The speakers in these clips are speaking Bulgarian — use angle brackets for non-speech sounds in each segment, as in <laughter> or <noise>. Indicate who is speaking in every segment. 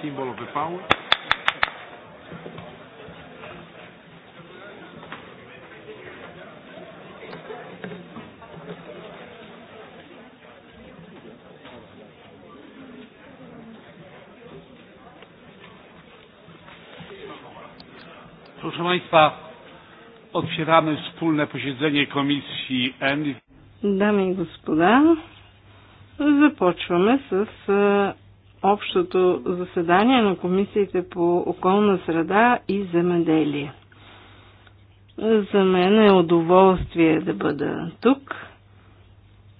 Speaker 1: Simbolo pe Paul.
Speaker 2: Proszę Państwa, otwieramy wspólne posiedzenie Komisji ENVI.
Speaker 1: Damy i gospoda. Започваме с общото заседание на комисиите по околна среда и земеделие. За мен е удоволствие да бъда тук.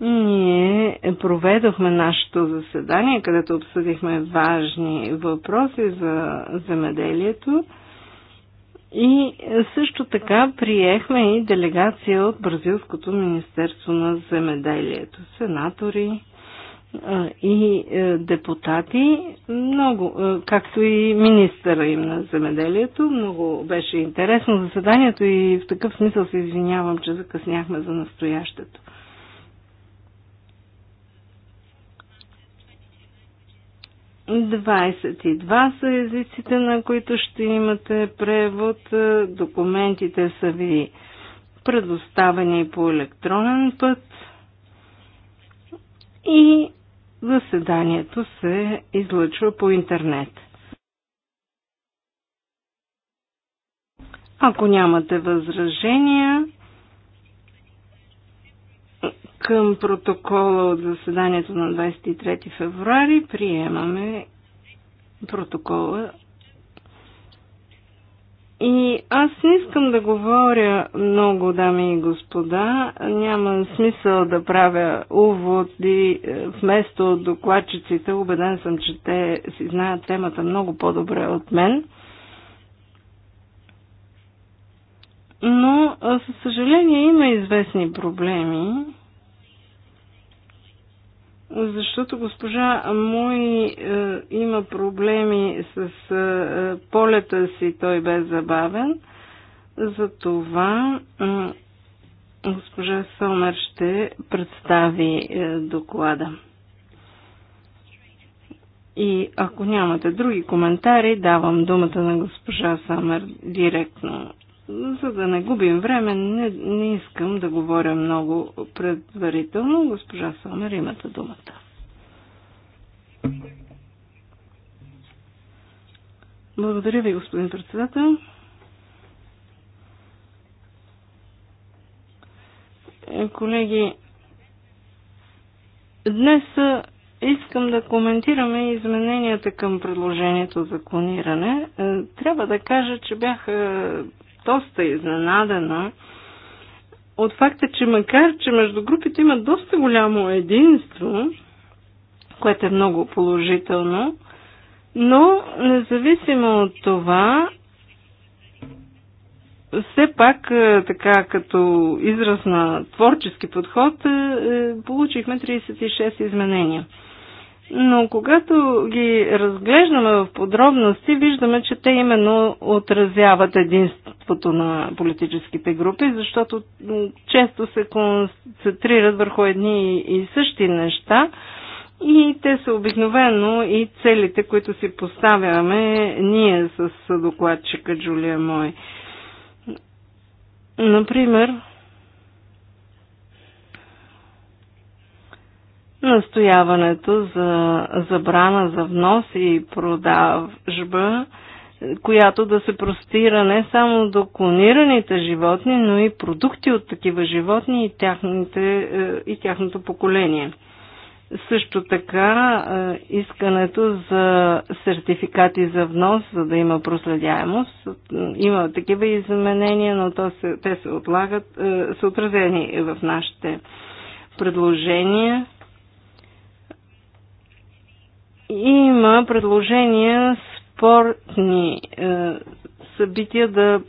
Speaker 1: Ние проведохме нашето заседание, където обсъдихме важни въпроси за земеделието. И също така приехме и делегация от Бразилското Министерство на земеделието, сенатори, и е, депутати, много, е, както и министъра им на земеделието. Много беше интересно заседанието и в такъв смисъл се извинявам, че закъсняхме за настоящето. Двадесет и два са езиците, на които ще имате превод. Е, документите са ви предоставени по електронен път. И Заседанието се излъчва по интернет. Ако нямате възражения към протокола от заседанието на 23 февруари, приемаме протокола и аз не искам да говоря много, дами и господа. Няма смисъл да правя уводи е, вместо докладчиците. Убеден съм, че те си знаят темата много по-добре от мен. Но, е, със съжаление, има известни проблеми защото госпожа Муи е, има проблеми с е, полета си, той бе забавен. Затова е, госпожа Сомер ще представи е, доклада. И ако нямате други коментари, давам думата на госпожа Самер директно за да не губим време, не, не искам да говоря много предварително. Госпожа Сомер, имате думата. Благодаря ви, господин председател. Е, колеги, днес искам да коментираме измененията към предложението за клониране. Е, трябва да кажа, че бяха доста изненадана от факта, че макар, че между групите има доста голямо единство, което е много положително, но независимо от това, все пак, е, така като израз на творчески подход, е, е, получихме 36 изменения но когато ги разглеждаме в подробности, виждаме, че те именно отразяват единството на политическите групи, защото често се концентрират върху едни и същи неща и те са обикновено и целите, които си поставяме ние с докладчика Джулия Мой. Например, настояването за забрана за внос и продажба, която да се простира не само до клонираните животни, но и продукти от такива животни и, тяхните, е, и тяхното поколение. Също така е, искането за сертификати за внос, за да има проследяемост. Има такива изменения, но то се, те се отлагат, е, са отразени в нашите предложения. Има предложения спортни е, събития да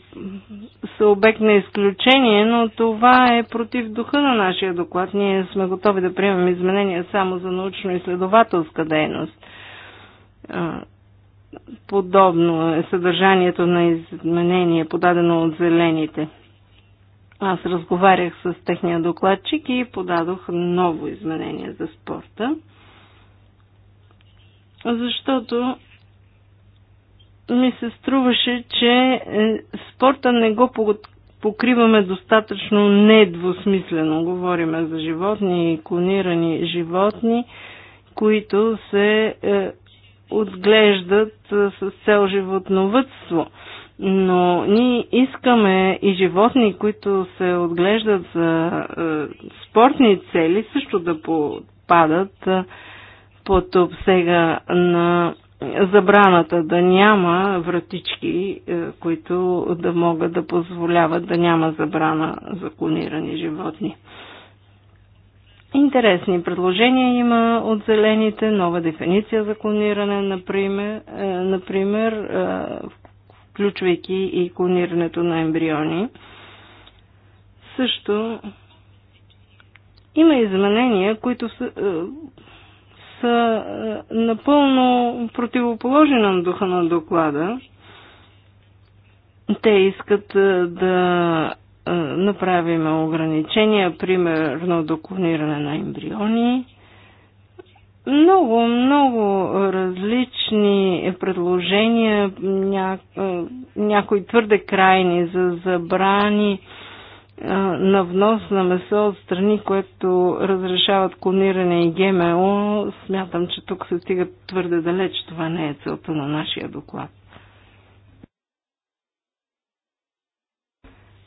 Speaker 1: са обект на изключение, но това е против духа на нашия доклад. Ние сме готови да приемем изменения само за научно-изследователска дейност. Е, подобно е съдържанието на изменение, подадено от зелените. Аз разговарях с техния докладчик и подадох ново изменение за спорта защото ми се струваше, че е, спорта не го покриваме достатъчно недвусмислено. Говориме за животни, клонирани животни, които се е, отглеждат е, с цел животновътство. Но ние искаме и животни, които се отглеждат за спортни цели, също да попадат под обсега на забраната да няма вратички, е, които да могат да позволяват да няма забрана за клонирани животни. Интересни предложения има от зелените, нова дефиниция за клониране, например, е, например е, включвайки и клонирането на ембриони. Също има изменения, които са е, напълно противоположни на духа на доклада. Те искат е, да е, направим ограничения, примерно до клониране на ембриони. Много, много различни предложения, ня... някои твърде крайни за забрани на внос на месо от страни, което разрешават клониране и ГМО, смятам, че тук се стига твърде далеч. Това не е целта на нашия доклад.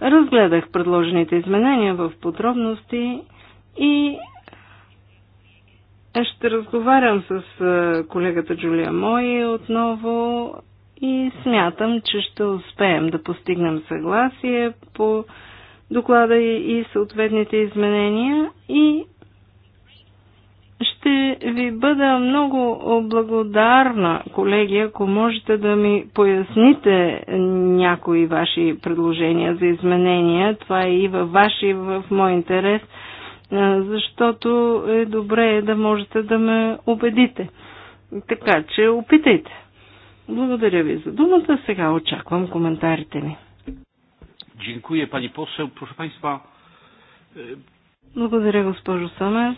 Speaker 1: Разгледах предложените изменения в подробности и ще разговарям с колегата Джулия Мои отново и смятам, че ще успеем да постигнем съгласие по доклада и съответните изменения и ще ви бъда много благодарна, колеги, ако можете да ми поясните някои ваши предложения за изменения. Това е и във ваш и в мой интерес, защото е добре да можете да ме убедите. Така че опитайте. Благодаря ви за думата. Сега очаквам коментарите ми.
Speaker 3: Dziękuję pani poseł. Proszę państwa. E,
Speaker 1: Благодаря, госпожо Самер.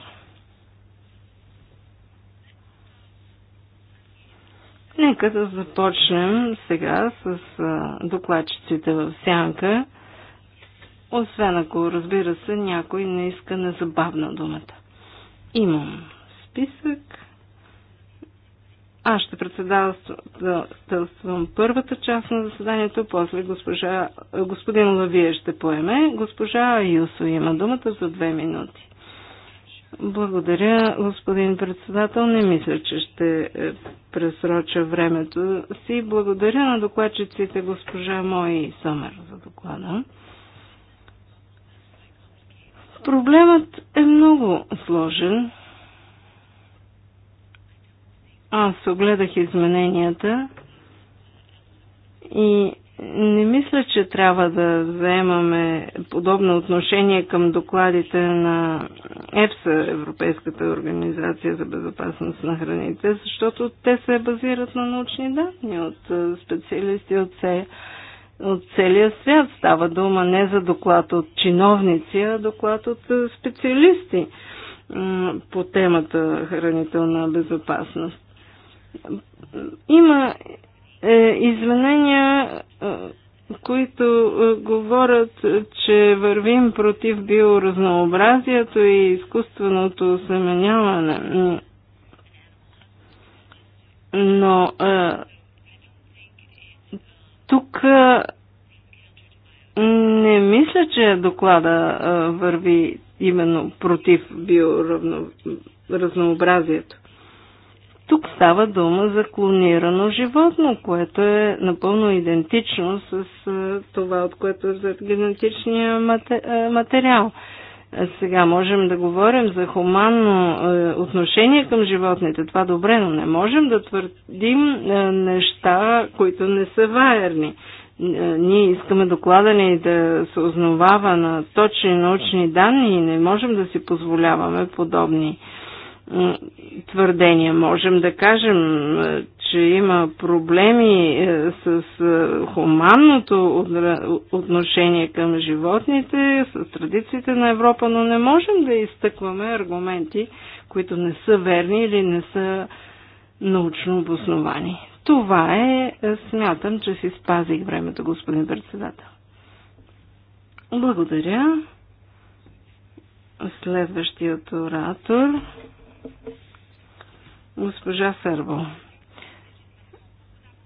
Speaker 1: Нека да започнем сега с докладчиците в сянка. Освен ако, разбира се, някой не иска незабавна думата. Имам списък. Аз ще председателствам първата част на заседанието, после госпожа, господин Лавие ще поеме. Госпожа Юсо има думата за две минути. Благодаря, господин председател. Не мисля, че ще е, пресроча времето си. Благодаря на докладчиците госпожа Мои Съмер за доклада. Проблемът е много сложен. Аз огледах измененията и не мисля, че трябва да заемаме подобно отношение към докладите на ЕПСА, Европейската организация за безопасност на храните, защото те се базират на научни данни от специалисти от, се, от целия свят. Става дума не за доклад от чиновници, а доклад от специалисти по темата хранителна безопасност. Има е, извинения, е, които е, говорят, че вървим против биоразнообразието и изкуственото семеняване. Но е, тук е, не мисля, че доклада е, върви именно против биоразнообразието. Тук става дума за клонирано животно, което е напълно идентично с това, от което е за генетичния материал. Сега можем да говорим за хуманно отношение към животните, това добре, но не можем да твърдим неща, които не са ваерни. Ние искаме доклада ни да се основава на точни научни данни и не можем да си позволяваме подобни твърдения. Можем да кажем, че има проблеми е, с хуманното отношение към животните, с традициите на Европа, но не можем да изтъкваме аргументи, които не са верни или не са научно обосновани. Това е, е смятам, че си спазих времето, господин председател. Благодаря. Следващият оратор. Госпожа Сърбо.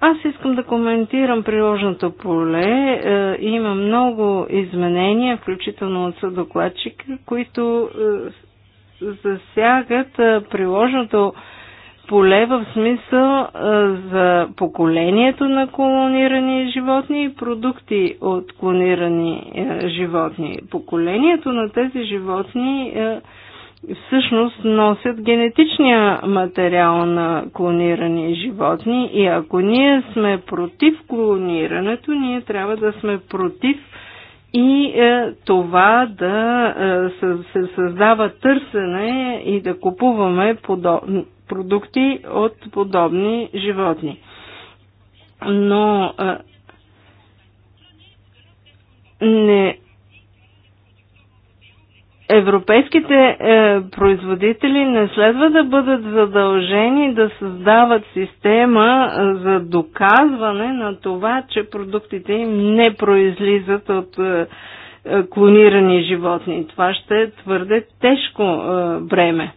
Speaker 1: Аз искам да коментирам приложното поле. Е, има много изменения, включително от съдокладчика, които е, засягат е, приложното поле в смисъл за поколението на клонирани животни и продукти от клонирани животни. Поколението на тези животни е всъщност носят генетичния материал на клонирани животни и ако ние сме против клонирането, ние трябва да сме против и е, това да е, се създава търсене и да купуваме подоб... продукти от подобни животни. Но е, не европейските е, производители не следва да бъдат задължени да създават система е, за доказване на това, че продуктите им не произлизат от е, е клонирани животни. Това ще е твърде тежко е, бреме.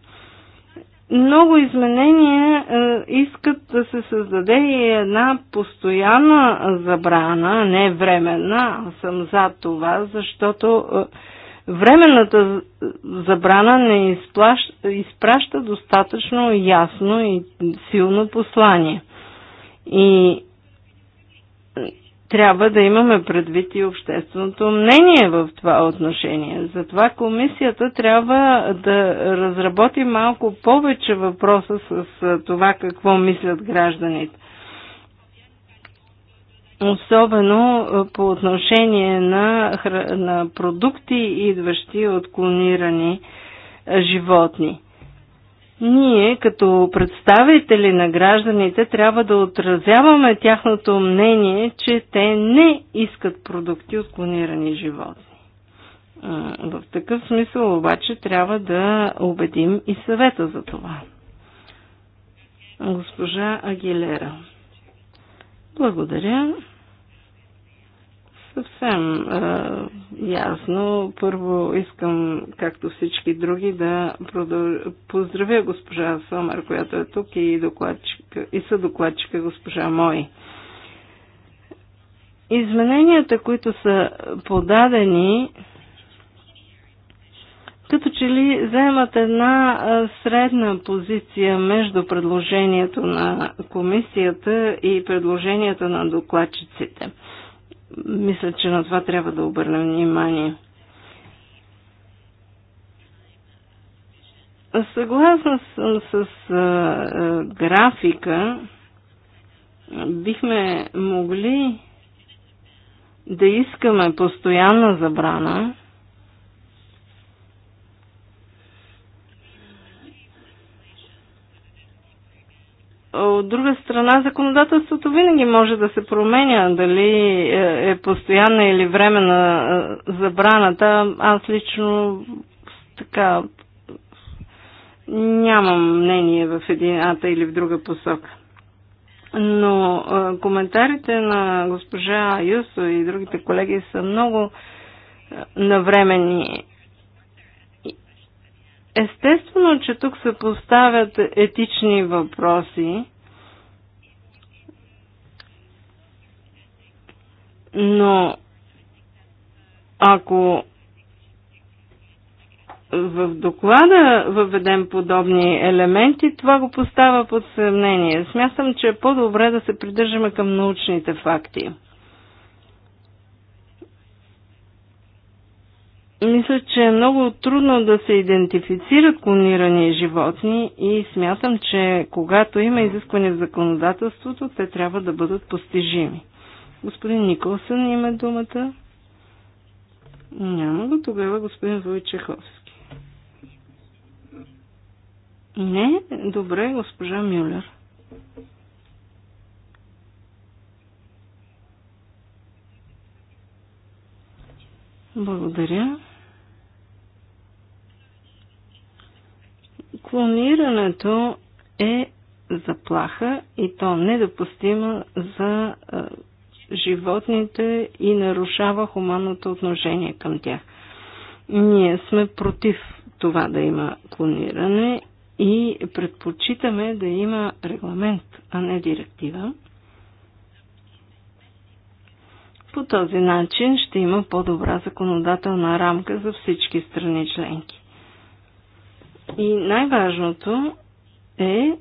Speaker 1: Много изменения е, искат да се създаде и една постоянна забрана, не временна. Аз съм за това, защото е, временната забрана не изплаща, изпраща достатъчно ясно и силно послание. И трябва да имаме предвид и общественото мнение в това отношение. Затова комисията трябва да разработи малко повече въпроса с това какво мислят гражданите особено по отношение на, на продукти, идващи от клонирани животни. Ние, като представители на гражданите, трябва да отразяваме тяхното мнение, че те не искат продукти от клонирани животни. В такъв смисъл обаче трябва да убедим и съвета за това. Госпожа Агилера. Благодаря. Съвсем а, ясно. Първо искам, както всички други, да продъл... поздравя госпожа Сомер, която е тук и, докладчика, и съдокладчика госпожа Мой. Измененията, които са подадени, като че ли вземат една средна позиция между предложението на комисията и предложението на докладчиците. Мисля, че на това трябва да обърнем внимание. Съгласна съм с а, а, графика. Бихме могли да искаме постоянна забрана, от друга страна, законодателството винаги може да се променя, дали е, е постоянна или времена е, забраната. Аз лично така нямам мнение в едината или в друга посока. Но е, коментарите на госпожа Юсо и другите колеги са много навремени. Естествено, че тук се поставят етични въпроси, но ако в доклада въведем подобни елементи, това го поставя под съмнение. Смятам, че е по-добре да се придържаме към научните факти. мисля, че е много трудно да се идентифицират клонирани животни и смятам, че когато има изискване в законодателството, те трябва да бъдат постижими. Господин Николсън има думата. Няма го тогава господин Войчеховски. Не, добре, госпожа Мюлер. Благодаря. Клонирането е заплаха и то недопустима за животните и нарушава хуманното отношение към тях. Ние сме против това да има клониране и предпочитаме да има регламент, а не директива. По този начин ще има по-добра законодателна рамка за всички страни членки. И най-важното е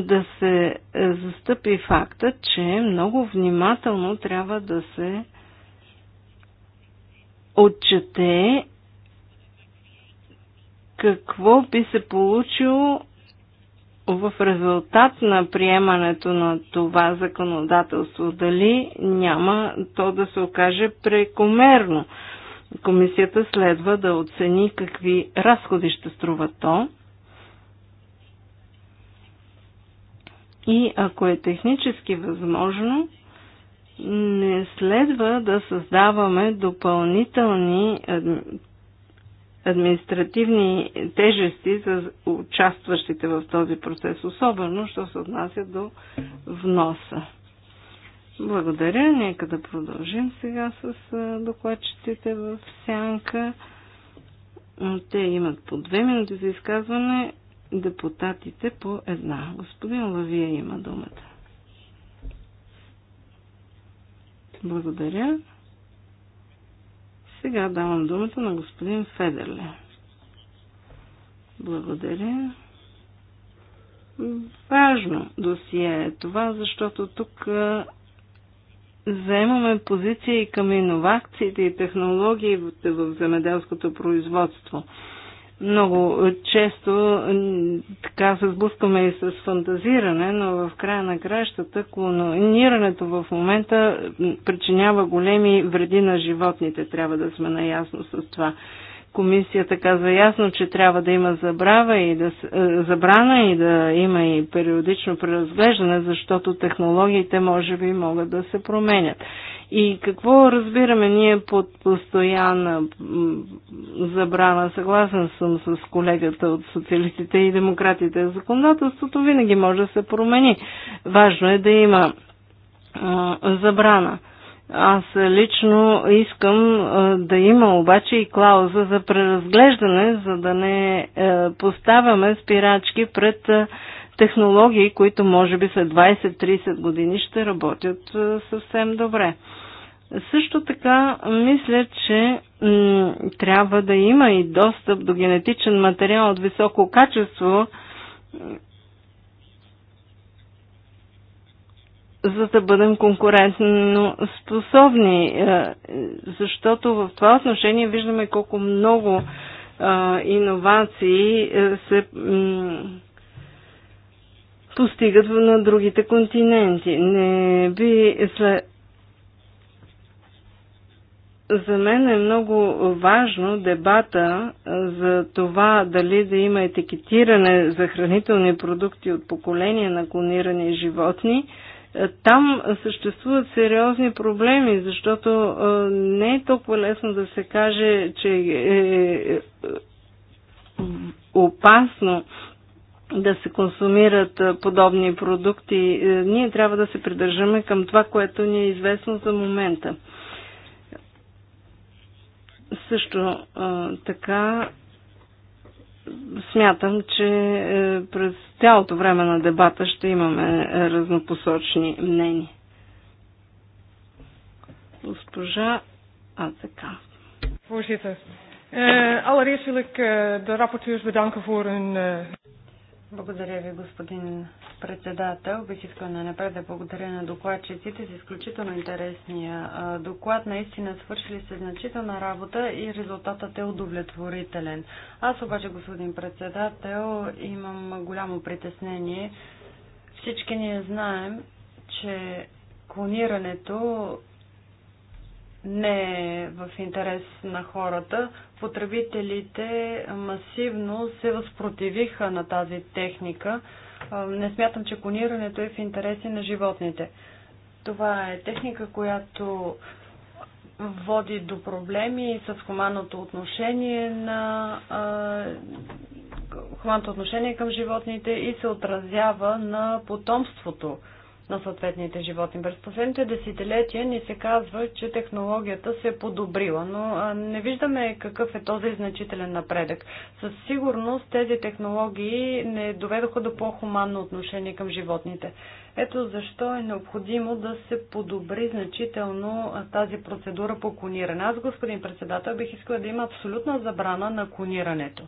Speaker 1: да се застъпи факта, че много внимателно трябва да се отчете какво би се получило в резултат на приемането на това законодателство. Дали няма то да се окаже прекомерно Комисията следва да оцени какви разходи ще струва то. И ако е технически възможно, не следва да създаваме допълнителни административни тежести за участващите в този процес, особено що се отнася до вноса. Благодаря. Нека да продължим сега с докладчиците в сянка. Те имат по две минути за изказване, депутатите по една. Господин Лавия има думата. Благодаря. Сега давам думата на господин Федерле. Благодаря. Важно досие е това, защото тук заемаме позиции към иновациите и технологиите в земеделското производство. Много често така се сблъскваме и с фантазиране, но в края на кращата клонирането в момента причинява големи вреди на животните. Трябва да сме наясно с това. Комисията казва ясно, че трябва да има забрава и да, е, забрана и да има и периодично преразглеждане, защото технологиите може би могат да се променят. И какво разбираме ние под постоянна забрана? Съгласен съм с колегата от социалистите и демократите. Законодателството винаги може да се промени. Важно е да има забрана. Аз лично искам да има обаче и клауза за преразглеждане, за да не е, поставяме спирачки пред е, технологии, които може би след 20-30 години ще работят е, съвсем добре. Също така мисля, че трябва да има и достъп до генетичен материал от високо качество за да бъдем конкурентно способни. Е, защото в това отношение виждаме колко много е, иновации е, се постигат на другите континенти. Не би след... За мен е много важно дебата за това дали да има етикетиране за хранителни продукти от поколения на клонирани животни – там съществуват сериозни проблеми, защото не е толкова лесно да се каже, че е, е, е опасно да се консумират подобни продукти. Е, ние трябва да се придържаме към това, което ни е известно за момента. Също така смятам, че е, през цялото време на дебата ще имаме е, разнопосочни мнения. Госпожа АЦК.
Speaker 2: Voorzitter, uh, allereerst wil ik uh, de rapporteurs bedanken voor hun... Uh... Благодаря ви, господин председател. Бих искал на напред да благодаря на докладчиците за изключително интересния доклад. Наистина свършили се значителна работа и резултатът е удовлетворителен. Аз обаче, господин председател, имам голямо притеснение. Всички ние знаем, че клонирането не е в интерес на хората. Потребителите масивно се възпротивиха на тази техника. Не смятам, че клонирането е в интереси на животните. Това е техника, която води до проблеми с хуманното отношение на хуманното отношение към животните и се отразява на потомството на съответните животни. През последните десетилетия ни се казва, че технологията се е подобрила, но не виждаме какъв е този значителен напредък. Със сигурност тези технологии не доведоха до по-хуманно отношение към животните. Ето защо е необходимо да се подобри значително тази процедура по клониране. Аз, господин председател, бих искала да има абсолютна забрана на клонирането.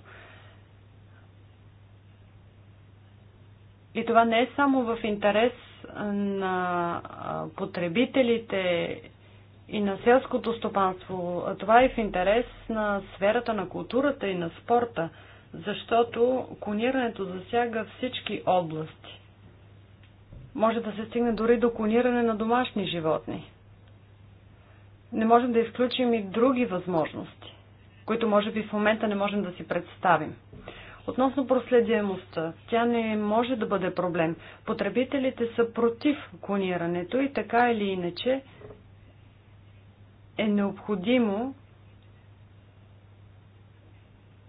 Speaker 2: И това не е само в интерес на потребителите и на селското стопанство. Това е в интерес на сферата на културата и на спорта, защото клонирането засяга всички области. Може да се стигне дори до клониране на домашни животни. Не можем да изключим и други възможности, които може би в момента не можем да си представим. Относно проследимостта, тя не може да бъде проблем. Потребителите са против клонирането и така или иначе е необходимо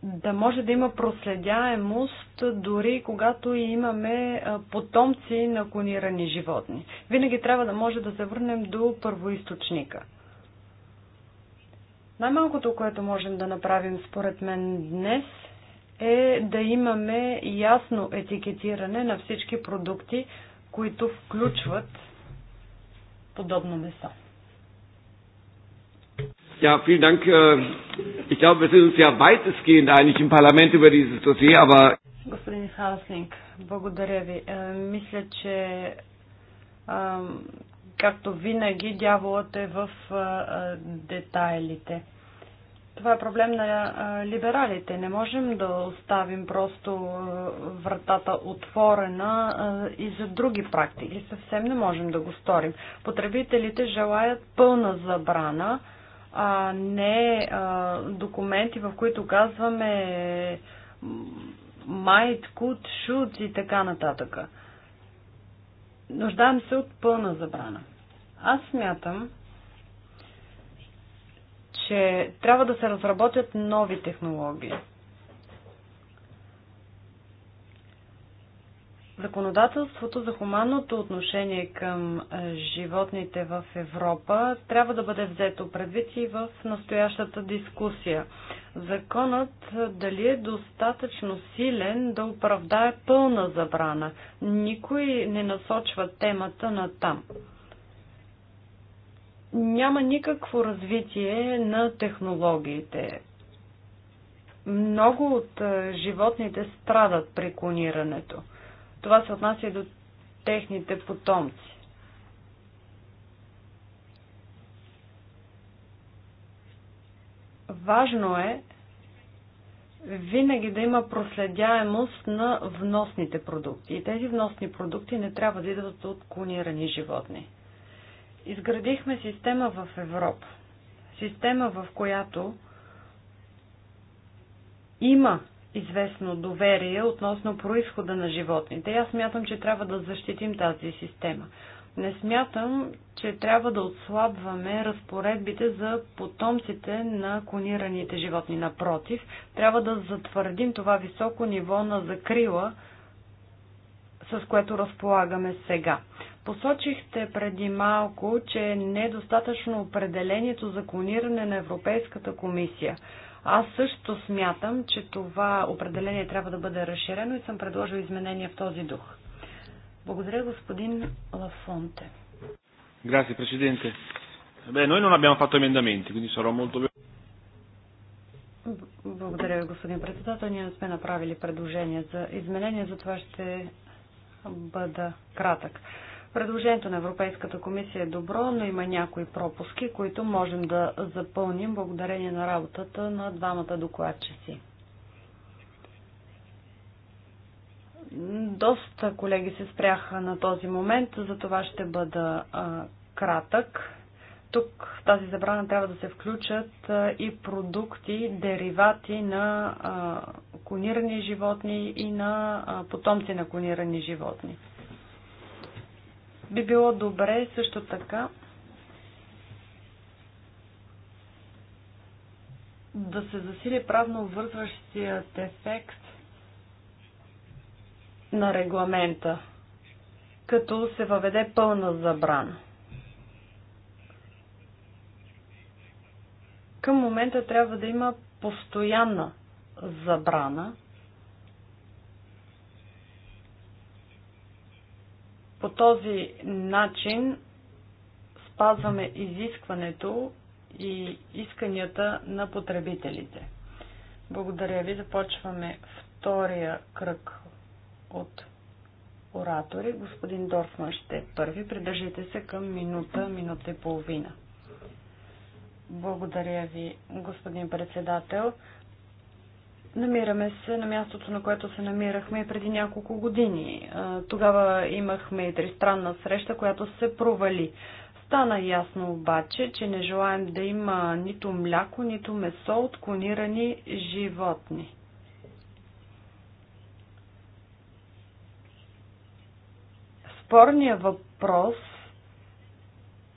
Speaker 2: да може да има проследяемост, дори когато имаме потомци на клонирани животни. Винаги трябва да може да се върнем до първоисточника. Най-малкото, което можем да направим според мен днес – е да имаме ясно етикетиране на всички продукти, които включват подобно месо.
Speaker 1: Ja, vielen Dank. Äh, ich glaube, wir sind uns ja weitestgehend einig im Parlament über dieses Dossier, aber.
Speaker 2: Господин Хаслинг, благодаря ви. Е, мисля, че е, както винаги дяволът е в е, детайлите. Това е проблем на либералите. Не можем да оставим просто вратата отворена и за други практики. Съвсем не можем да го сторим. Потребителите желаят пълна забрана, а не документи, в които казваме might, could, should и така нататък. Нуждаем се от пълна забрана. Аз смятам, че трябва да се разработят нови технологии. Законодателството за хуманното отношение към животните в Европа трябва да бъде взето предвид и в настоящата дискусия. Законът дали е достатъчно силен да оправдае пълна забрана? Никой не насочва темата на там няма никакво развитие на технологиите. Много от е, животните страдат при клонирането. Това се отнася и до техните потомци. Важно е винаги да има проследяемост на вносните продукти. И тези вносни продукти не трябва да идват от клонирани животни. Изградихме система в Европа. Система, в която има известно доверие относно происхода на животните. И аз смятам, че трябва да защитим тази система. Не смятам, че трябва да отслабваме разпоредбите за потомците на клонираните животни. Напротив, трябва да затвърдим това високо ниво на закрила, с което разполагаме сега. Посочихте преди малко, че е недостатъчно определението за клониране на Европейската комисия. Аз също смятам, че това определение трябва да бъде разширено и съм предложил изменения в този дух. Благодаря, господин Лафонте. Grazie, Presidente. Beh, noi non abbiamo fatto emendamenti, quindi sarò molto Благодаря, господин председател. Ние не сме направили предложение за изменение, затова ще бъда кратък. Предложението на Европейската комисия е добро, но има някои пропуски, които можем да запълним благодарение на работата на двамата докладчици. Доста колеги се спряха на този момент, за това ще бъда а, кратък. Тук в тази забрана трябва да се включат а, и продукти, деривати на а, клонирани животни и на а, потомци на клонирани животни. Би било добре също така да се засили правно вързващият ефект на регламента, като се въведе пълна забрана. Към момента трябва да има постоянна забрана – По този начин спазваме изискването и исканията на потребителите. Благодаря ви. Започваме втория кръг от оратори. Господин Дорфман ще е първи. Придържите се към минута, минута и половина. Благодаря ви, господин председател. Намираме се на мястото, на което се намирахме преди няколко години. Тогава имахме и тристранна среща, която се провали. Стана ясно обаче, че не желаем да има нито мляко, нито месо от клонирани животни. Спорният въпрос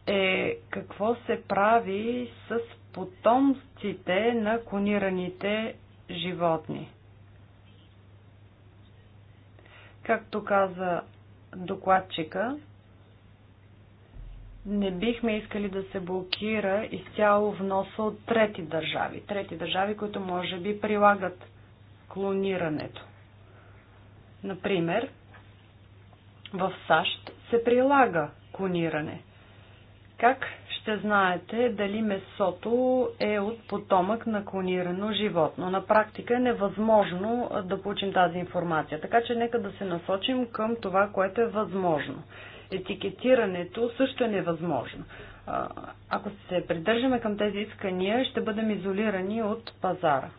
Speaker 2: е какво се прави с потомците на клонираните животни. Както каза докладчика, не бихме искали да се блокира изцяло вноса от трети държави. Трети държави, които може би прилагат клонирането. Например, в САЩ се прилага клониране. Как ще знаете дали месото е от потомък на клонирано животно. На практика е невъзможно да получим тази информация, така че нека да се насочим към това, което е възможно. Етикетирането също е невъзможно. Ако се придържаме към тези искания, ще бъдем изолирани от пазара.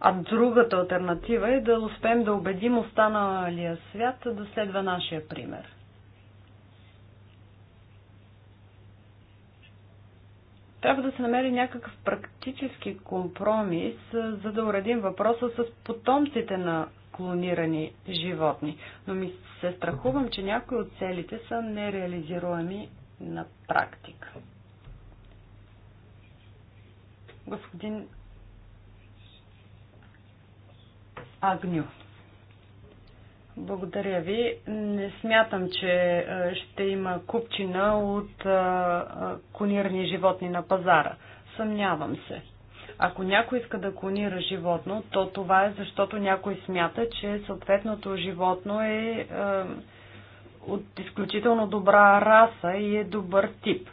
Speaker 2: А другата альтернатива е да успеем да убедим останалия свят да следва нашия пример. Трябва да се намери някакъв практически компромис, за да уредим въпроса с потомците на клонирани животни. Но ми се страхувам, че някои от целите са нереализируеми на практика. Господин Агню. Благодаря ви. Не смятам, че е, ще има купчина от е, е, клонирани животни на пазара. Съмнявам се. Ако някой иска да клонира животно, то това е защото някой смята, че съответното животно е, е от изключително добра раса и е добър тип.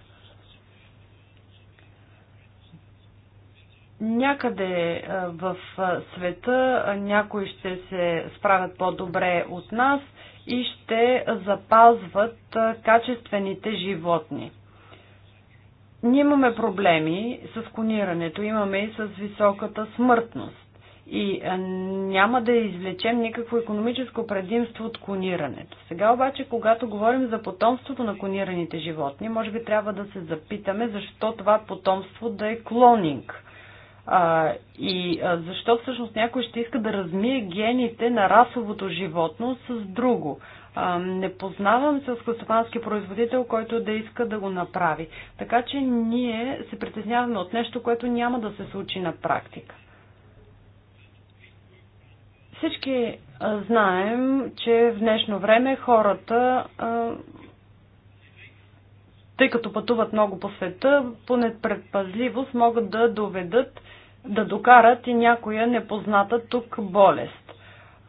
Speaker 2: някъде в света някои ще се справят по-добре от нас и ще запазват качествените животни. Ние имаме проблеми с клонирането, имаме и с високата смъртност. И няма да извлечем никакво економическо предимство от клонирането. Сега обаче, когато говорим за потомството на клонираните животни, може би трябва да се запитаме защо това потомство да е клонинг – а, и а, защо всъщност някой ще иска да размие гените на расовото животно с друго? А, не познавам селскостопански производител, който да иска да го направи. Така че ние се притесняваме от нещо, което няма да се случи на практика. Всички а, знаем, че в днешно време хората а, тъй като пътуват много по света, по предпазливост могат да доведат да докарат и някоя непозната тук болест.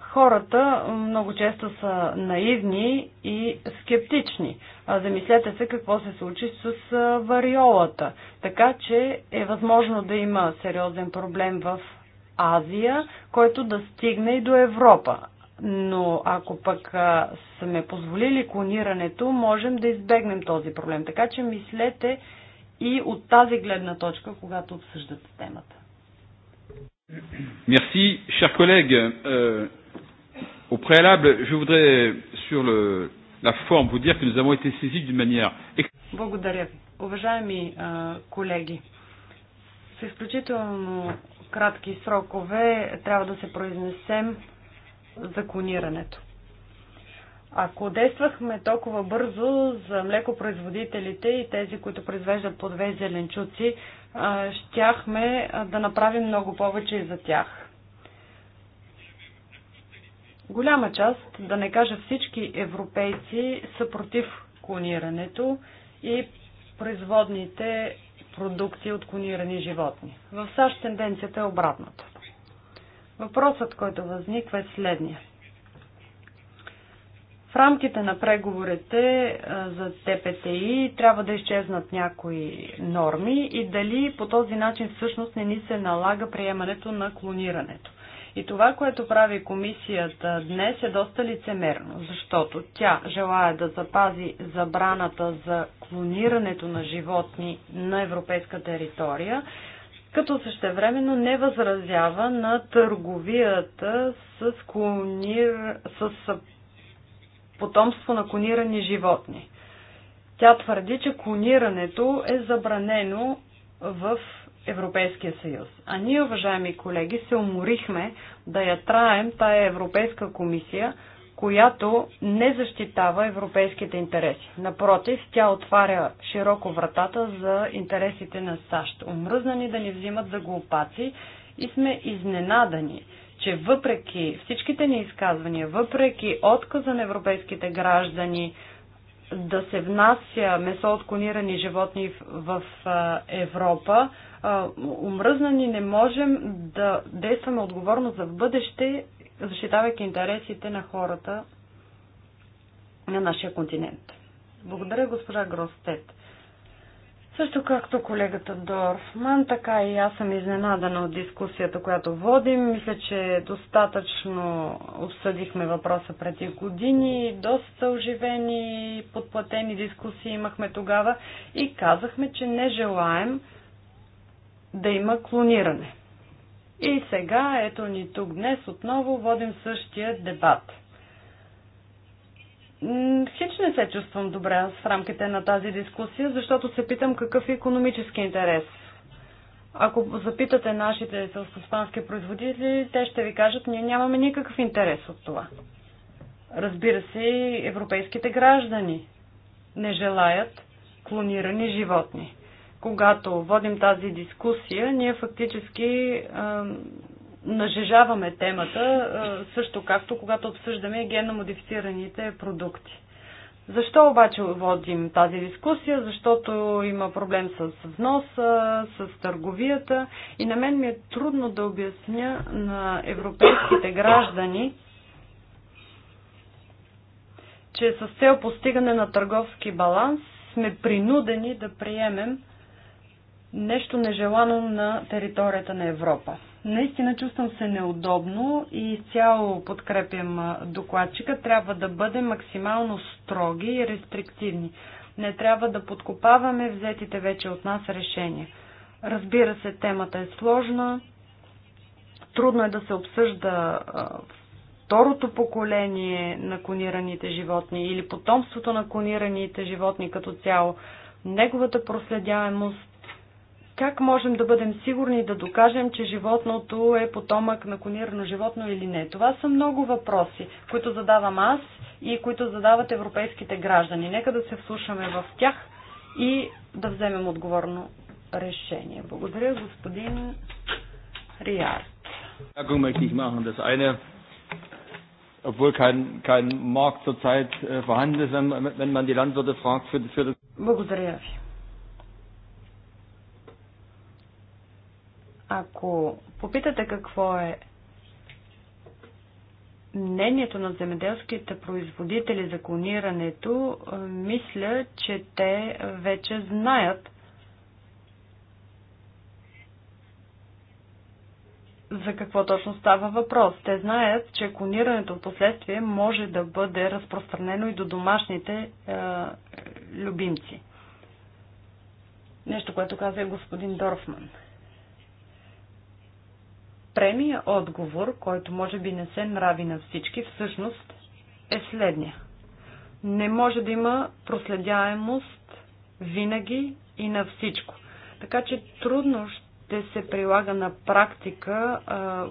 Speaker 2: Хората много често са наивни и скептични. Замислете се какво се случи с вариолата. Така че е възможно да има сериозен проблем в Азия, който да стигне и до Европа. Но ако пък сме позволили клонирането, можем да избегнем този проблем. Така че мислете и от тази гледна точка, когато обсъждате темата.
Speaker 3: Merci, chers collègues. Euh, au préalable, je voudrais, sur le, la forme, vous dire que nous avons été saisis d'une manière.
Speaker 2: Благодаря ви. Уважаеми а, колеги, с изключително кратки срокове трябва да се произнесем законирането. Ако действахме толкова бързо за млекопроизводителите и тези, които произвеждат по две зеленчуци, щяхме да направим много повече и за тях. Голяма част, да не кажа всички европейци, са против клонирането и производните продукти от клонирани животни. В САЩ тенденцията е обратната. Въпросът, който възниква е следният в рамките на преговорите е, за ТПТИ трябва да изчезнат някои норми и дали по този начин всъщност не ни се налага приемането на клонирането. И това, което прави комисията днес е доста лицемерно, защото тя желая да запази забраната за клонирането на животни на европейска територия, като същевременно не възразява на търговията с, клонир... с потомство на клонирани животни. Тя твърди, че клонирането е забранено в Европейския съюз. А ние, уважаеми колеги, се уморихме да я траем тая е Европейска комисия, която не защитава европейските интереси. Напротив, тя отваря широко вратата за интересите на САЩ. Омръзнани да ни взимат за глупаци и сме изненадани – че въпреки всичките ни изказвания, въпреки отказа на европейските граждани да се внася месо от конирани животни в Европа, умръзна ни не можем да действаме отговорно за бъдеще, защитавайки интересите на хората на нашия континент. Благодаря, госпожа Гростет. Също както колегата Дорфман, така и аз съм изненадана от дискусията, която водим. Мисля, че достатъчно обсъдихме въпроса преди години, доста оживени, подплатени дискусии имахме тогава и казахме, че не желаем да има клониране. И сега, ето ни тук днес, отново водим същия дебат – Хич не се чувствам добре в рамките на тази дискусия, защото се питам какъв е економически интерес. Ако запитате нашите селскостопански производители, те ще ви кажат, ние нямаме никакъв интерес от това. Разбира се, и европейските граждани не желаят клонирани животни. Когато водим тази дискусия, ние фактически нажежаваме темата, също както когато обсъждаме геномодифицираните продукти. Защо обаче водим тази дискусия? Защото има проблем с вноса, с търговията и на мен ми е трудно да обясня на европейските граждани, че с цел постигане на търговски баланс сме принудени да приемем нещо нежелано на територията на Европа. Наистина чувствам се неудобно и изцяло подкрепям докладчика. Трябва да бъдем максимално строги и рестриктивни. Не трябва да подкопаваме взетите вече от нас решения. Разбира се, темата е сложна. Трудно е да се обсъжда второто поколение на клонираните животни или потомството на клонираните животни като цяло. Неговата проследяемост как можем да бъдем сигурни да докажем, че животното е потомък на конирано животно или не? Това са много въпроси, които задавам аз и които задават европейските граждани. Нека да се вслушаме в тях и да вземем отговорно решение. Благодаря, господин Риард.
Speaker 3: Благодаря
Speaker 2: ви. Ако попитате какво е мнението на земеделските производители за клонирането, е, мисля, че те вече знаят за какво точно става въпрос. Те знаят, че клонирането в последствие може да бъде разпространено и до домашните е, любимци. Нещо, което каза и господин Дорфман премия отговор, който може би не се нрави на всички, всъщност е следния. Не може да има проследяемост винаги и на всичко. Така че трудно ще се прилага на практика а,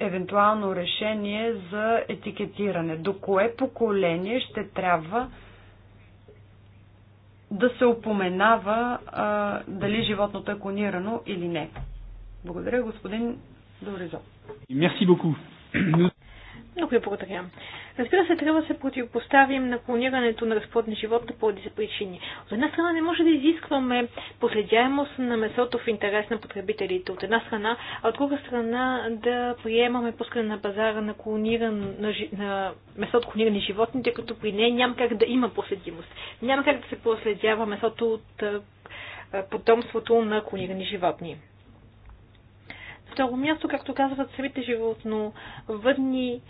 Speaker 2: евентуално решение за етикетиране. До кое поколение ще трябва да се упоменава а, дали животното е клонирано или не. Благодаря, господин Доризо.
Speaker 3: Мерси боку. Много
Speaker 2: ви благодаря. Разбира се, трябва да се
Speaker 3: противопоставим на клонирането на разплодни животни по тези причини. От една страна не може да изискваме последяемост на месото в интерес на потребителите, от една страна, а от друга страна да приемаме пускане на пазара на, клониран, на, на месо от клонирани животни, тъй като при нея няма как да има последимост. Няма как да се последява месото от потомството на клонирани животни второ място, както казват самите животновъдни,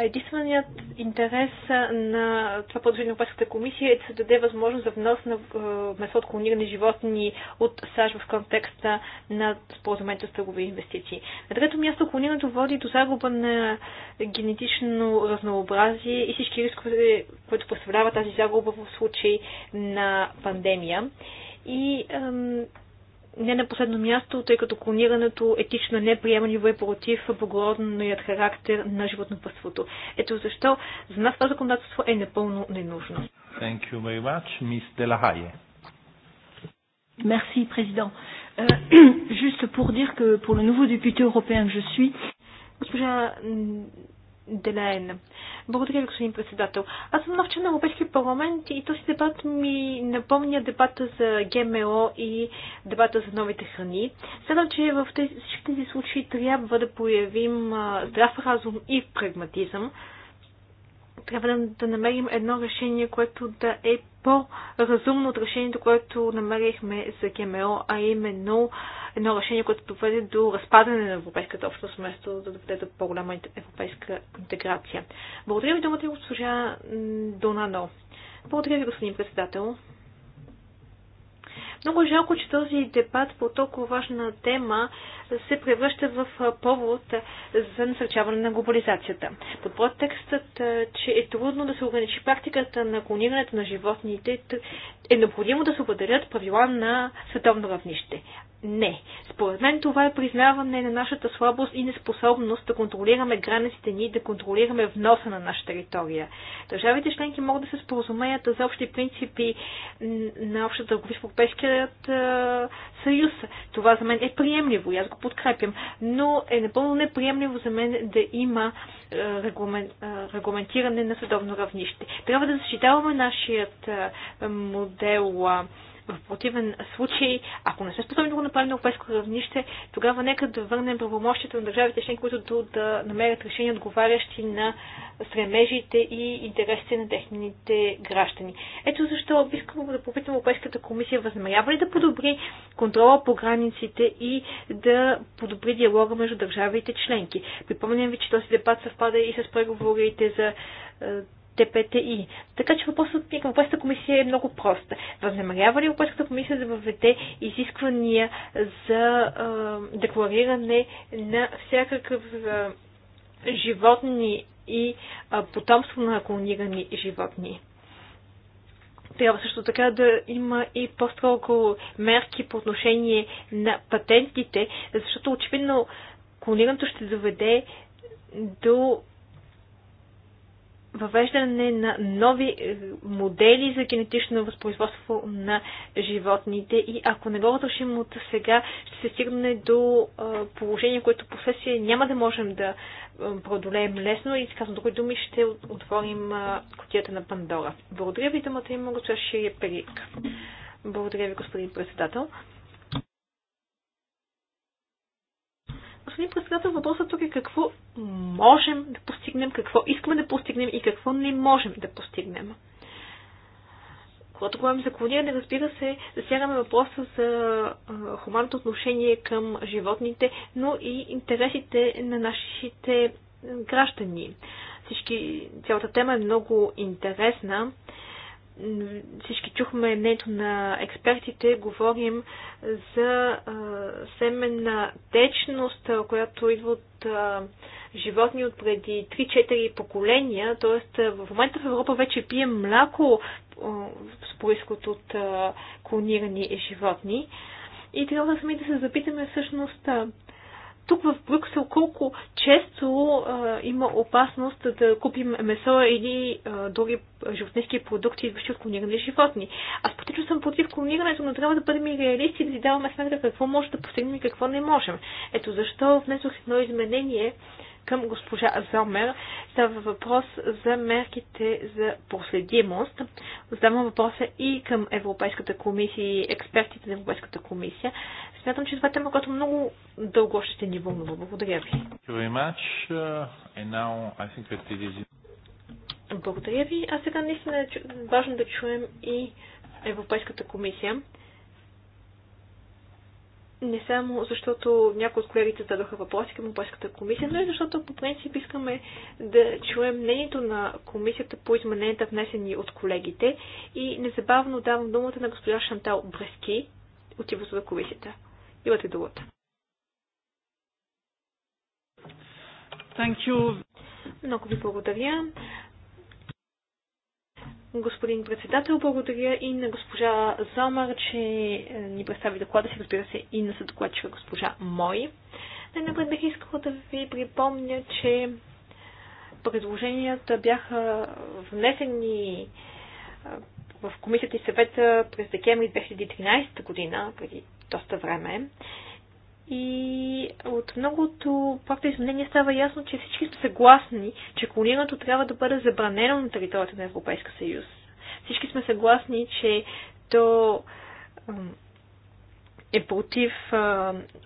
Speaker 3: единственият интерес на това предложение на Европейската комисия е да се даде възможност за внос на е, месо от клонирани животни от САЩ в контекста на споразумението с търгови инвестиции. На трето място клонирането води до загуба на генетично разнообразие и всички рискове, които представлява тази загуба в случай на пандемия. И ам, не на последно място, тъй като клонирането етично не неприемливо е против благородният характер на животновътството. Ето защо за нас това законодателство е напълно ненужно.
Speaker 2: Thank you very much, Miss Delahaye.
Speaker 3: Merci, Président. Euh, <clears throat> juste pour dire que pour le nouveau député européen que je suis, Госпожа Делен. Благодаря ви, господин председател. Аз съм нов на Европейския парламент и този дебат ми напомня дебата за ГМО и дебата за новите храни. Следва, че в тези, всички тези случаи трябва да проявим здрав разум и прагматизъм трябва да, да намерим едно решение, което да е по-разумно от решението, което намерихме за ГМО, а именно едно решение, което доведе до разпадане на европейската общност, вместо да доведе до по-голяма европейска интеграция. Благодаря ви думата, госпожа Донано. Благодаря ви, господин председател. Много жалко, че този дебат по толкова важна тема се превръща в повод за насърчаване на глобализацията. Под подтекстът, че е трудно да се ограничи практиката на клонирането на животните, е необходимо да се определят правила на световно равнище. Не. Според мен това е признаване на нашата слабост и неспособност да контролираме границите ни, да контролираме вноса на нашата територия. Държавите членки могат да се споразумеят за общи принципи на общата търговия в Европейският съюз. Това за мен е приемливо, аз го подкрепям, но е напълно неприемливо за мен да има регламентиране на съдобно равнище. Трябва да защитаваме нашият модел в противен случай, ако не сме способни да го направим на европейско равнище, тогава нека да върнем правомощите на държавите членки, които да намерят решения, отговарящи на стремежите и интересите на техните граждани. Ето защо искам да попитам Европейската комисия, възмерява ли да подобри контрола по границите и да подобри диалога между държавите членки. Припомням ви, че този дебат съвпада и с преговорите за е, ТПТИ. Така че въпросът към Европейската комисия е много прост. Възнамерява ли Европейската комисия да въведе изисквания за а, деклариране на всякакъв а, животни и а, потомство на клонирани животни? трябва също така да има и по-строго мерки по отношение на патентите, защото очевидно клонирането ще доведе до въвеждане на нови е, модели за генетично възпроизводство на животните и ако не го разрешим от сега, ще се стигне до е, положение, което последствие няма да можем да е, продолеем лесно и казвам други думи, ще отворим котията на Пандора. Благодаря ви, думата има госпожа Ширия Перик. Благодаря ви, господин председател. Господин председател, въпросът тук е какво можем да постигнем, какво искаме да постигнем и какво не можем да постигнем. Когато говорим за клониране, разбира се, засягаме въпроса за хуманното отношение към животните, но и интересите на нашите граждани. Всички, цялата тема е много интересна всички чухме мнението на експертите, говорим за а, семена течност, която идва от а, животни от преди 3-4 поколения. Тоест, в момента в Европа вече пием мляко с происход от а, клонирани животни. И трябва сами да се запитаме всъщност тук в Брюксел колко често а, има опасност да купим месо или а, други животински продукти, идващи от клонирани животни. Аз потично съм против клонирането, но трябва да бъдем и реалисти, да си даваме сметка какво може да постигнем и какво не можем. Ето защо внесох едно изменение, към госпожа Зомер. Става въпрос за мерките за проследимост. Задавам въпроса и към Европейската комисия и експертите на Европейската комисия. Смятам, че това е тема, която много дълго ще ни вълнува. Благодаря ви.
Speaker 2: Uh,
Speaker 3: Благодаря ви. А сега наистина е важно да чуем и Европейската комисия не само защото някои от колегите зададоха въпроси към Европейската комисия, но и защото по принцип искаме да чуем мнението на комисията по измененията внесени от колегите и незабавно давам думата на госпожа Шантал Брески от името на комисията. Имате думата. Thank you. Много ви благодаря господин председател. Благодаря и на госпожа Замар, че е, ни представи доклада си, разбира се, и на съдокладчика госпожа Мой. Най-напред бих искала да ви припомня, че предложенията бяха внесени е, в комисията и съвета през декември 2013 година, преди доста време. И от многото факта изменения става ясно, че всички сме съгласни, че клонирането трябва да бъде забранено на територията на Европейска съюз. Всички сме съгласни, че то е против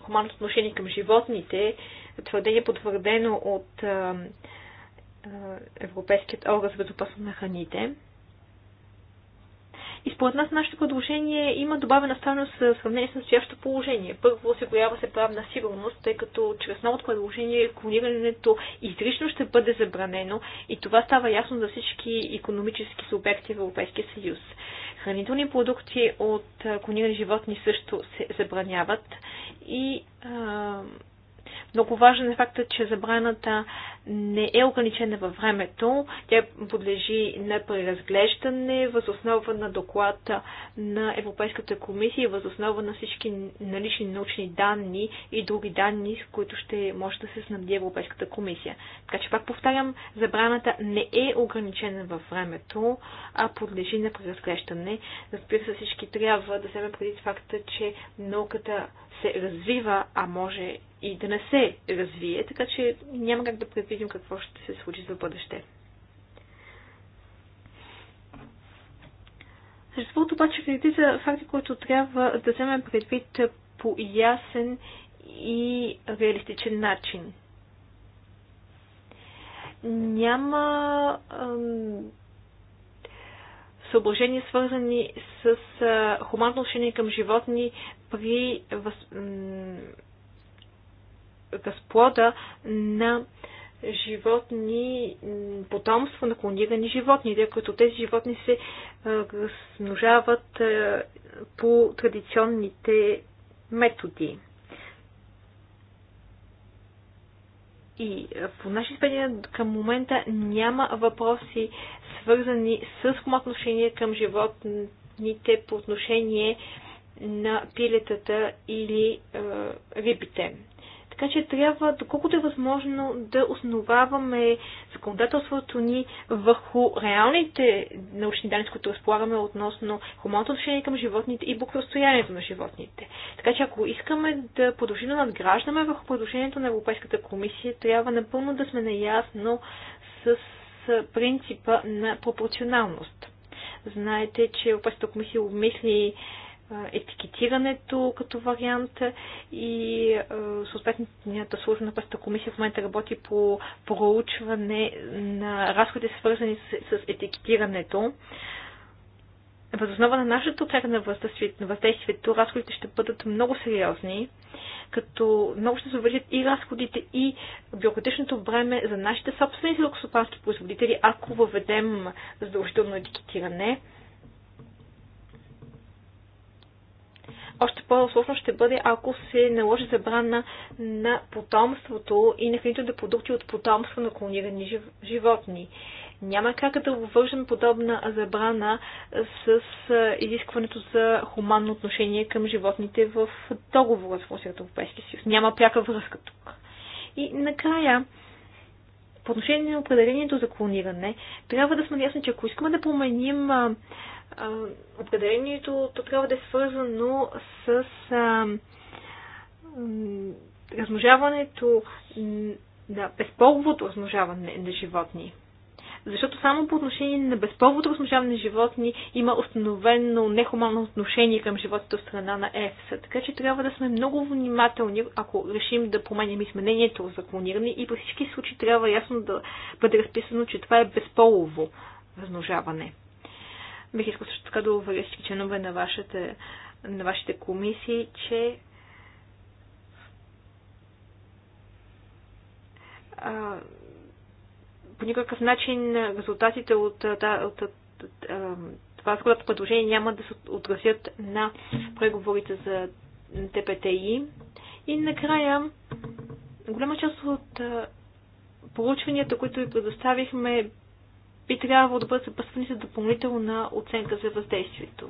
Speaker 3: хуманното отношение към животните, твърдение потвърдено от Европейският орган за безопасност на храните. И според нас нашето предложение има добавена стойност в сравнение с настоящото положение. Първо осигурява се правна сигурност, тъй като чрез новото предложение клонирането изрично ще бъде забранено и това става ясно за всички економически субекти в Европейския съюз. Хранителни продукти от клонирани животни също се забраняват и а, много важен е фактът, че забраната не е ограничена във времето. Тя подлежи на преразглеждане възоснова на доклада на Европейската комисия, възоснова на всички налични научни данни и други данни, с които ще може да се снабди Европейската комисия. Така че пак повтарям, забраната не е ограничена във времето, а подлежи на преразглеждане. Разбира се, всички трябва да вземем преди факта, че науката се развива, а може и да не се развие, така че няма как да предвидим какво ще се случи за бъдеще. Съществуват обаче редица факти, които трябва да вземем предвид по ясен и реалистичен начин. Няма съображения, свързани с хуманно отношение към животни при въз, разплода на животни, потомство на клонирани животни, тъй като тези животни се размножават по традиционните методи. И по наши сведения към момента няма въпроси свързани с отношение към животните по отношение на пилетата или е, рибите. Така че трябва, доколкото е възможно, да основаваме законодателството ни върху реалните научни данни, с които разполагаме относно хуманното отношение към животните и благосостоянието на животните. Така че ако искаме да продължим да надграждаме върху предложението на Европейската комисия, трябва напълно да сме наясно с принципа на пропорционалност. Знаете, че Европейската комисия обмисли етикетирането като вариант и съответната служба на пъстата комисия в момента работи по проучване на разходите свързани с, с етикетирането. Възоснова на нашата оценка на въздействието, разходите ще бъдат много сериозни, като много ще се увеличат и разходите, и бюрократичното време за нашите собствени селокосопански производители, ако въведем задължително етикетиране. Още по-сложно ще бъде, ако се наложи забрана на потомството и на хранителните продукти от потомство на клонирани животни. Няма как да обвържем подобна забрана с изискването за хуманно отношение към животните в договора с от Европейския съюз. Няма пряка връзка тук. И накрая, по отношение на определението за клониране, трябва да сме ясни, че ако искаме да променим определението то трябва да е свързано с а, размножаването на безполовото размножаване на животни. Защото само по отношение на безполовото размножаване на животни има установено нехумално отношение към животите от страна на ЕФСА. Така че трябва да сме много внимателни, ако решим да променим изменението за клониране и по всички случаи трябва ясно да бъде разписано, че това е безполово размножаване. Бих искал също така да уверя всички членове на, вашите, на вашите комисии, че а, по никакъв начин резултатите от, да, от, от, от това складното предложение няма да се отразят на преговорите за ТПТИ. И накрая, голяма част от проучванията, които ви предоставихме, би трябвало да бъдат съпъствани за допълнителна оценка за въздействието.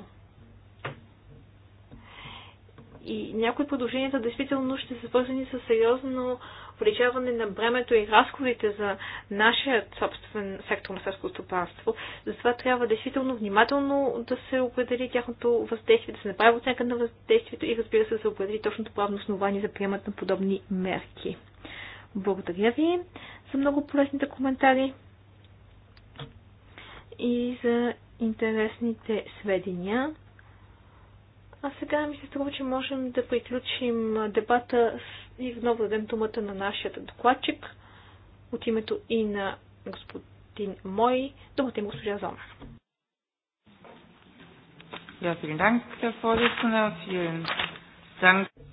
Speaker 3: И някои продълженията предложенията действително ще са свързани с сериозно увеличаване на бремето и разходите за нашия собствен сектор на селско стопанство. Затова трябва действително внимателно да се определи тяхното въздействие, да се направи оценка на въздействието и разбира се да се определи точното правно основание за приемат на подобни мерки. Благодаря ви за много полезните коментари и за интересните сведения. А сега ми се струва, че можем да приключим дебата и отново дадем думата на нашия докладчик от името и на господин Мой. Думата има госпожа Зона.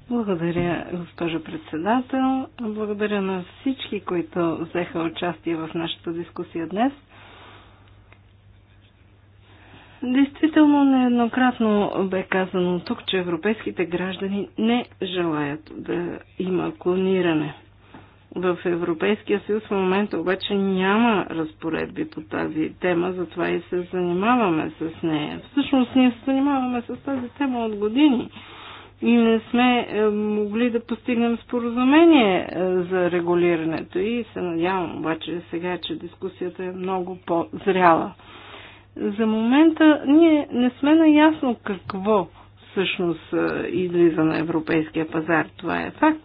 Speaker 1: Благодаря, госпожо председател. Благодаря на всички, които взеха участие в нашата дискусия днес. Действително нееднократно бе казано тук, че европейските граждани не желаят да има клониране. В Европейския съюз в момента обаче няма разпоредби по тази тема, затова и се занимаваме с нея. Всъщност ние се занимаваме с тази тема от години и не сме е, могли да постигнем споразумение е, за регулирането и се надявам обаче сега, че дискусията е много по-зряла. За момента ние не сме наясно какво всъщност излиза на европейския пазар. Това е факт.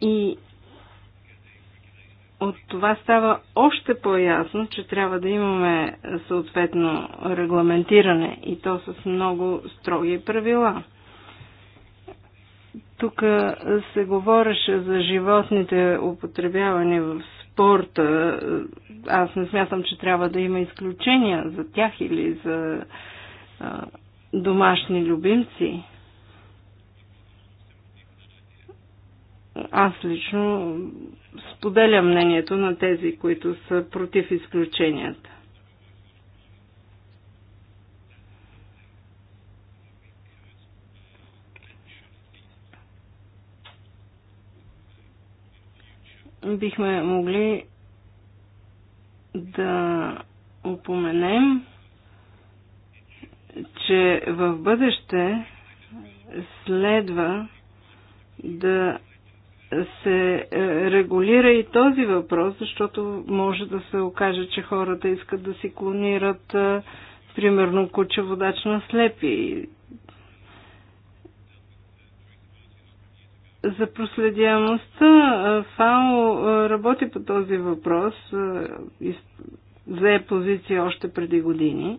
Speaker 1: И от това става още по-ясно, че трябва да имаме съответно регламентиране и то с много строги правила. Тук се говореше за животните, употребявани в спорта. Аз не смятам, че трябва да има изключения за тях или за а, домашни любимци. Аз лично споделям мнението на тези, които са против изключенията. бихме могли да упоменем, че в бъдеще следва да се е, регулира и този въпрос, защото може да се окаже, че хората искат да си клонират е, примерно куче водач на слепи. За проследяемостта ФАО работи по този въпрос, взе позиция още преди години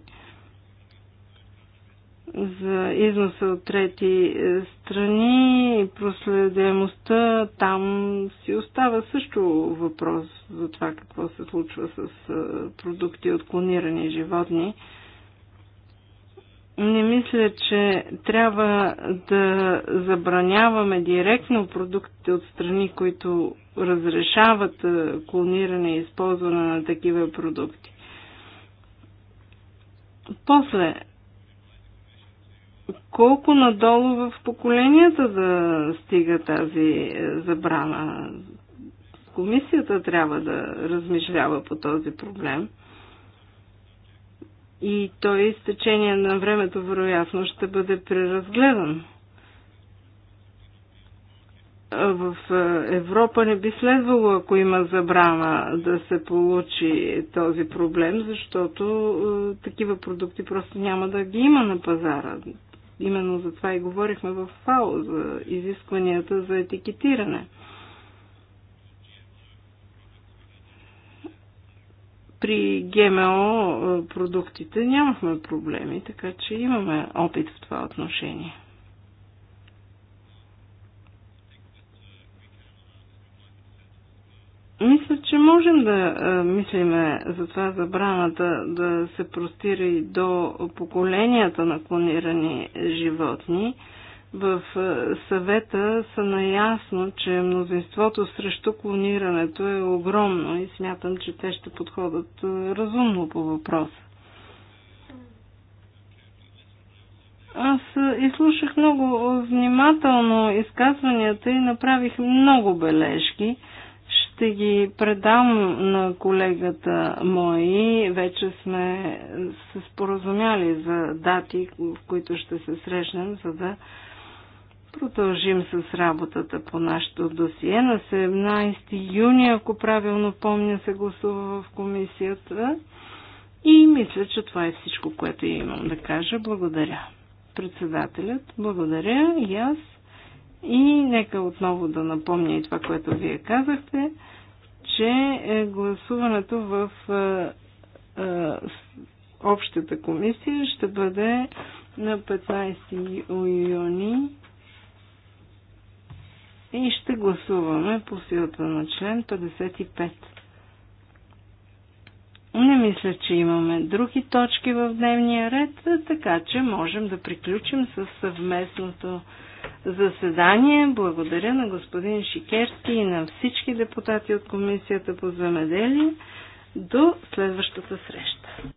Speaker 1: за износа от трети е, страни и проследяемостта там си остава също въпрос за това какво се случва с е, продукти от клонирани животни не мисля, че трябва да забраняваме директно продуктите от страни, които разрешават клониране и използване на такива продукти. После, колко надолу в поколенията да стига тази е, забрана? Комисията трябва да размишлява по този проблем – и той с течение на времето вероятно ще бъде преразгледан. В Европа не би следвало, ако има забрана да се получи този проблем, защото такива продукти просто няма да ги има на пазара. Именно за това и говорихме в ФАО, за изискванията за етикетиране. при ГМО продуктите нямахме проблеми, така че имаме опит в това отношение. Мисля, че можем да а, мислиме за това забраната да се простира и до поколенията на клонирани животни. А, в съвета са наясно, че мнозинството срещу клонирането е огромно и смятам, че те ще подходят разумно по въпроса. Аз изслушах много внимателно изказванията и направих много бележки. Ще ги предам на колегата мои. Вече сме се споразумяли за дати, в които ще се срещнем, за да продължим с работата по нашето досие. На 17 юни, ако правилно помня, се гласува в комисията. И мисля, че това е всичко, което имам да кажа. Благодаря. Председателят, благодаря и аз. И нека отново да напомня и това, което вие казахте, че е гласуването в е, е, общата комисия ще бъде на 15 юни и ще гласуваме по силата на член 55. Не мисля, че имаме други точки в дневния ред, така че можем да приключим с съвместното заседание. Благодаря на господин Шикерски и на всички депутати от Комисията по земеделие. До следващата среща!